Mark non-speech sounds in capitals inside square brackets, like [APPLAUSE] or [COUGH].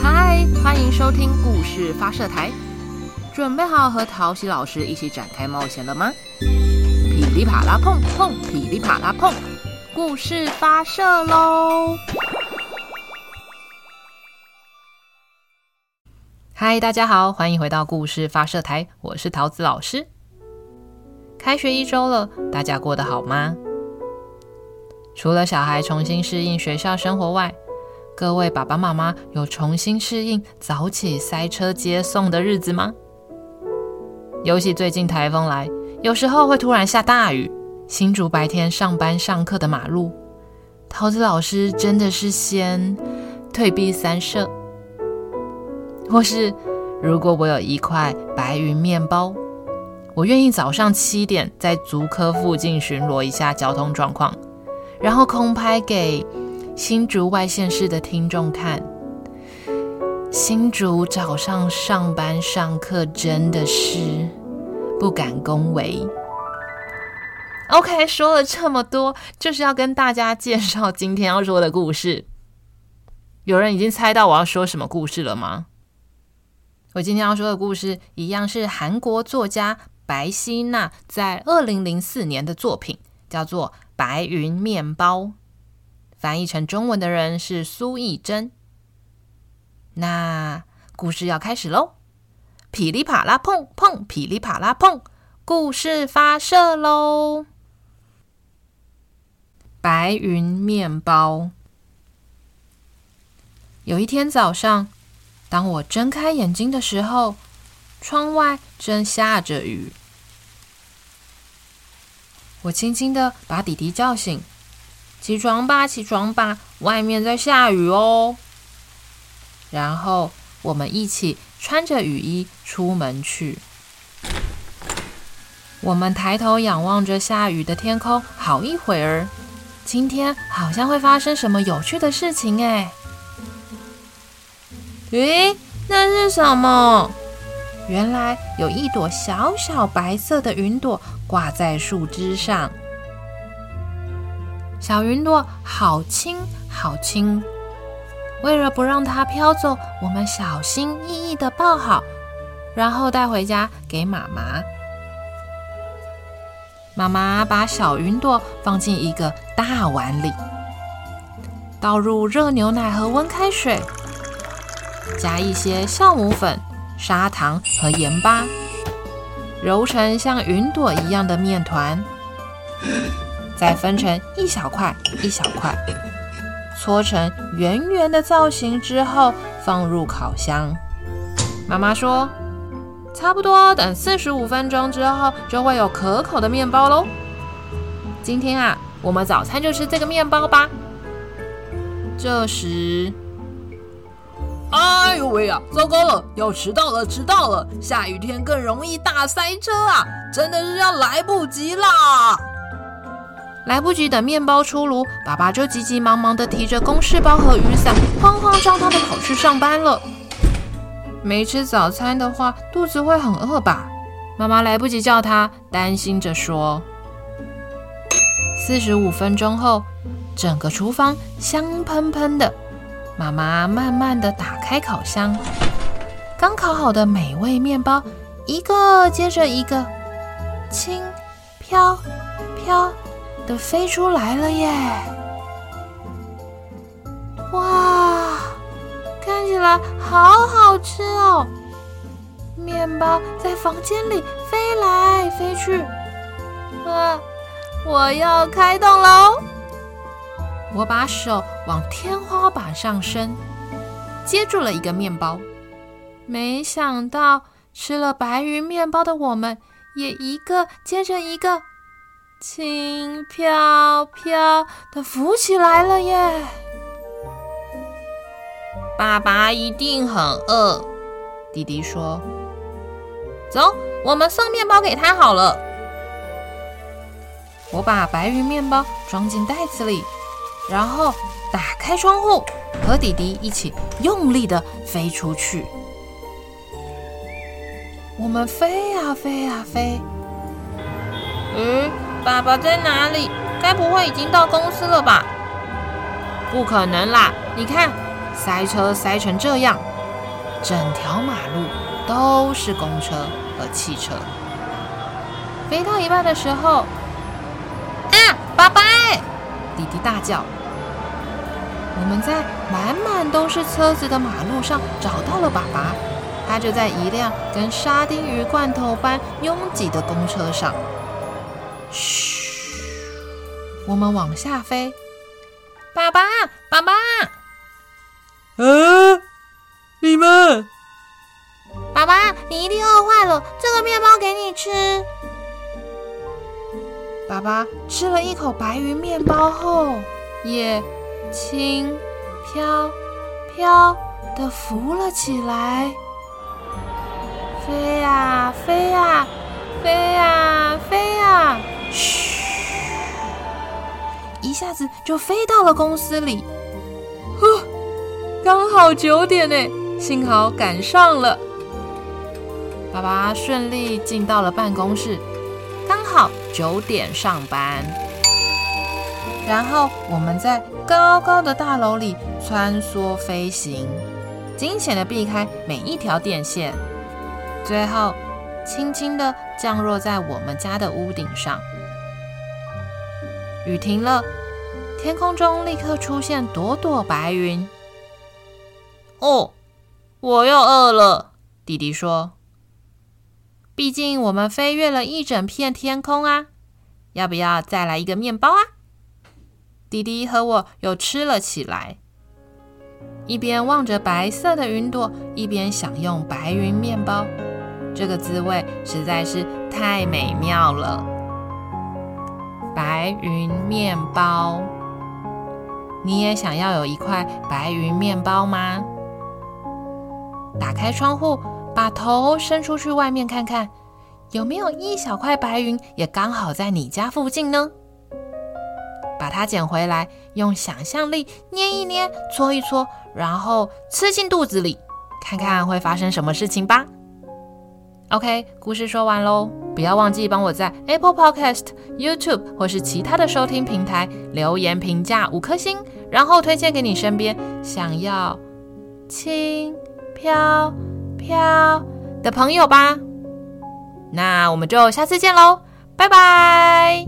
嗨，歡迎收聽故事發射台，準備好和桃喜老師一起展開冒險了嗎？噼里啪啦碰碰，噼里啪啦碰，故事發射嘍！嗨，大家好，歡迎回到故事發射台，我是桃子老師。開學一周了，大家過得好嗎？除了小孩重新適應學校生活外，各位爸爸媽媽有重新適應早起塞車接送的日子嗎？尤其最近台風來，有時候會突然下大雨。新竹白天上班上課的馬路，桃子老師真的是先退避三舍。或是，如果我有一塊白雲麵包，我願意早上七點在竹科附近巡邏一下交通狀況，然後空拍給。新竹外縣市的聽眾看，新竹早上上班上課真的是不敢恭維。OK，說了這麼多，就是要跟大家介紹今天要說的故事。有人已經猜到我要說什麼故事了嗎？我今天要說的故事一樣是韓國作家白希那在二零零四年的作品，叫做《白雲麵包》。翻譯成中文的人是蘇懿禎。那故事要開始嘍！噼里啪啦碰碰，噼里啪啦碰，故事發射嘍！白雲麵包。有一天早上，當我睜開眼睛的時候，窗外正下着雨。我輕輕的把弟弟叫醒。起床吧，起床吧，外面在下雨哦。然後我們一起穿着雨衣出門去。我們抬頭仰望着下雨的天空，好一會兒。今天好像會發生什麼有趣的事情哎？咦，那是什麼？原來有一朵小小白色的雲朵掛在樹枝上。小雲朵好輕好輕，為了不讓它飄走，我們小心翼翼的抱好，然後帶回家給媽媽。媽媽把小雲朵放進一個大碗裡，倒入熱牛奶和溫開水，加一些酵母粉、砂糖和鹽巴，揉成像雲朵一樣的麵團。 [COUGHS] 再分成一小塊一小塊，搓成圓圓的造型之後，放入烤箱。媽媽說：“差不多等四十五分鐘之後，就會有可口的麵包嘍。”今天啊，我們早餐就吃這個麵包吧。這時，哎呦喂呀，糟糕了，要遲到了，遲到了！下雨天更容易大塞車啊，真的是要來不及啦！來不及等面包出爐，爸爸就急急忙忙地提着公事包和雨傘，慌慌張張地跑去上班了。沒吃早餐的話，肚子會很餓吧？媽媽來不及叫他，擔心着說。四十五分鐘後，整個廚房香噴噴的。媽媽慢慢地打開烤箱，剛烤好的美味麵包一個接着一個，輕飄飄。都飛出來了耶！哇，看起來好好吃哦！麵包在房間裡飛來飛去。啊，我要開動嘍、哦！我把手往天花板上伸，接住了一個麵包。沒想到吃了白雲麵包的我們，也一個接着一個。輕飄飄的浮起來了耶！爸爸一定很餓，弟弟說：“走，我們送麵包給他好了。”我把白雲麵包裝進袋子裡，然後打開窗戶，和弟弟一起用力的飛出去。我們飛呀、啊、飛呀、啊、飛，嗯。爸爸在哪裡？該不會已經到公司了吧？不可能啦！你看，塞車塞成這樣，整條馬路都是公車和汽車。飛到一半的時候，啊，爸爸！弟弟大叫。我們在滿滿都是車子的馬路上找到了爸爸，他就在一輛跟沙丁魚罐頭般擁擠的公車上。噓，我們往下飛。爸爸，爸爸，嗯、啊，你們，爸爸，你一定餓壞了，這個麵包給你吃。爸爸吃了一口白雲麵包後，也輕飄飄地浮了起來，飛呀飛呀，飛呀、啊、飛呀、啊。飛啊噓，一下子就飛到了公司裡。呵，剛好九點呢，幸好趕上了。爸爸順利進到了辦公室，剛好九點上班。然後我們在高高的大樓裡穿梭飛行，驚險的避開每一條電線，最後輕輕的降落在我們家的屋頂上。雨停了，天空中立刻出現朵朵白雲。哦，我又餓了，弟弟說：“畢竟我們飛越了一整片天空啊，要不要再來一個麵包啊？”弟弟和我又吃了起來，一邊望着白色的雲朵，一邊享用白雲麵包，這個滋味實在是太美妙了。白雲麵包，你也想要有一塊白雲麵包嗎？打開窗戶，把頭伸出去外面看看，有沒有一小塊白雲也剛好在你家附近呢？把它撿回來，用想象力捏一捏、搓一搓，然後吃進肚子裡，看看會發生什麼事情吧。OK，故事說完嘍，不要忘記幫我在 Apple Podcast、YouTube 或是其他的收聽平台留言評價五顆星，然後推薦給你身邊想要輕飄飄的朋友吧。那我們就下次見嘍，拜拜。